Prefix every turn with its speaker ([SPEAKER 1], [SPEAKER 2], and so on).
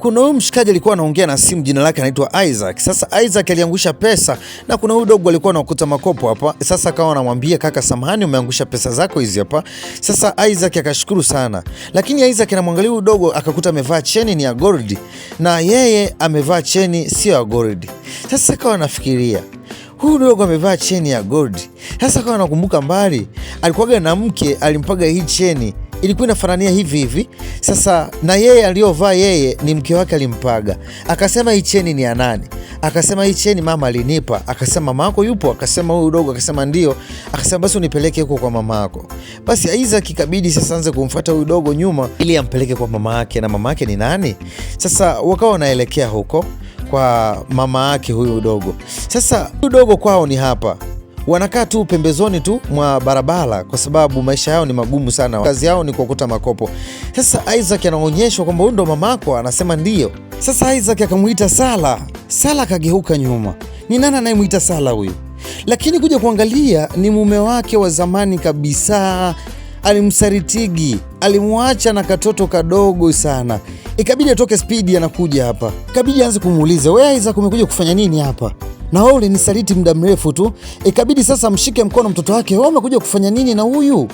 [SPEAKER 1] kuna huyu mshikaji alikuwa anaongea na simu, jina lake anaitwa Isaac. Sasa Isaac aliangusha pesa na kuna huyu dogo alikuwa anaokota makopo hapa. Sasa akawa anamwambia kaka, samahani, umeangusha pesa zako hizi hapa. Sasa Isaac akashukuru sana, lakini Isaac anamwangalia huyu dogo akakuta amevaa cheni ni ya gold na yeye amevaa cheni sio ya gold. Sasa akawa anafikiria huyu dogo amevaa cheni ya gold. Sasa akawa anakumbuka mbali alikuwaga na mke alimpaga hii cheni ilikuwa inafanania hivi hivi. Sasa na yeye aliyovaa yeye ni mke wake alimpaga, akasema hii cheni ni ya nani? Akasema hii cheni mama alinipa. Akasema mama yako yupo? Akasema huyu udogo, akasema ndio. Akasema basi unipeleke huko kwa mama yako. Basi Isaac ikabidi sasa anze kumfuata huyu dogo nyuma ili ampeleke kwa mama yake, na mama yake ni nani? Sasa wakawa wanaelekea huko kwa mama yake huyu udogo. Sasa huyu udogo kwao ni hapa wanakaa tu pembezoni tu mwa barabara, kwa sababu maisha yao ni magumu sana, kazi yao ni kuokota makopo. Sasa Isaac anaonyeshwa kwamba huyu ndo mamako, anasema ndiyo. Sasa Isaac akamwita Sala. Sala akageuka nyuma, ni nani anayemwita Sala huyu? Lakini kuja kuangalia ni mume wake wa zamani kabisa, alimsaritigi, alimwacha na katoto kadogo sana. Ikabidi atoke spidi, anakuja hapa, ikabidi aanze kumuuliza, we Isaac, umekuja kufanya nini hapa? na wewe ulinisaliti muda mrefu tu, ikabidi sasa mshike mkono mtoto wake. Wewe umekuja kufanya nini na huyu?